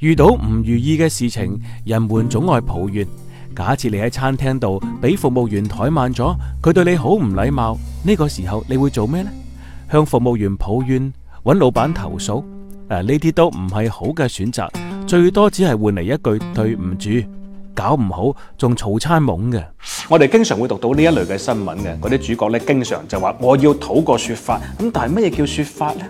遇到唔如意嘅事情，人們總愛抱怨。假設你喺餐廳度俾服務員怠慢咗，佢對你好唔禮貌，呢個時候你會做咩呢？向服務員抱怨，揾老闆投訴，誒，呢啲都唔係好嘅選擇，最多只係換嚟一句對唔住，搞唔好仲嘈餐懵嘅。我哋經常會讀到呢一類嘅新聞嘅，嗰啲主角咧，經常就話我要討個說法，咁但係乜嘢叫說法呢？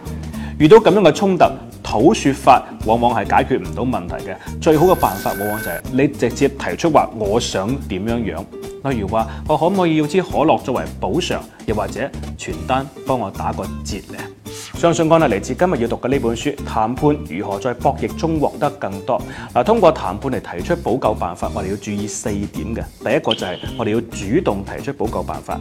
遇到咁樣嘅衝突。土説法往往係解決唔到問題嘅，最好嘅辦法往往就係你直接提出話，我想點樣樣。例如話，我可唔可以要支可樂作為補償，又或者傳單幫我打個折呢？相信我係嚟自今日要讀嘅呢本書《談判如何在博弈中獲得更多》嗱。通過談判嚟提出補救辦法，我哋要注意四點嘅。第一個就係我哋要主動提出補救辦法；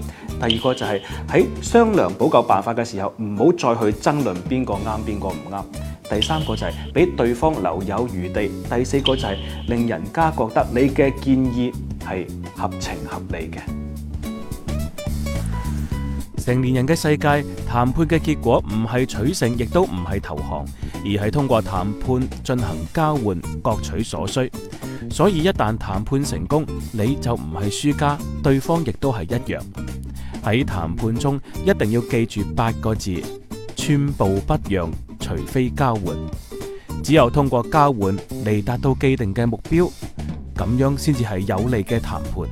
第二個就係喺商量補救辦法嘅時候，唔好再去爭論邊個啱邊個唔啱。第三個就係俾對方留有餘地，第四個就係令人家覺得你嘅建議係合情合理嘅。成年人嘅世界，談判嘅結果唔係取勝，亦都唔係投降，而係通過談判進行交換，各取所需。所以一旦談判成功，你就唔係輸家，對方亦都係一樣。喺談判中一定要記住八個字：寸步不讓。除非交換，只有通過交換嚟達到既定嘅目標，咁樣先至係有利嘅談判。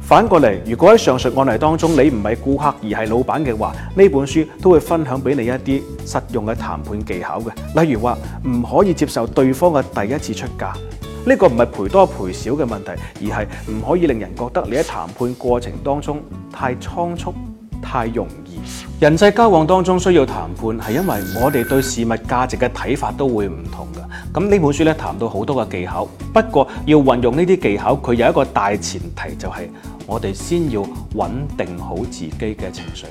反過嚟，如果喺上述案例當中，你唔係顧客而係老闆嘅話，呢本書都會分享俾你一啲實用嘅談判技巧嘅。例如話唔可以接受對方嘅第一次出價，呢個唔係賠多賠少嘅問題，而係唔可以令人覺得你喺談判過程當中太倉促。太容易，人際交往當中需要談判，係因為我哋對事物價值嘅睇法都會唔同嘅。咁呢本書咧談到好多嘅技巧，不過要運用呢啲技巧，佢有一個大前提就係我哋先要穩定好自己嘅情緒。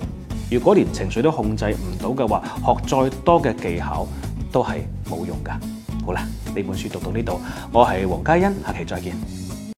如果連情緒都控制唔到嘅話，學再多嘅技巧都係冇用噶。好啦，呢本書讀到呢度，我係黃嘉欣，下期再見。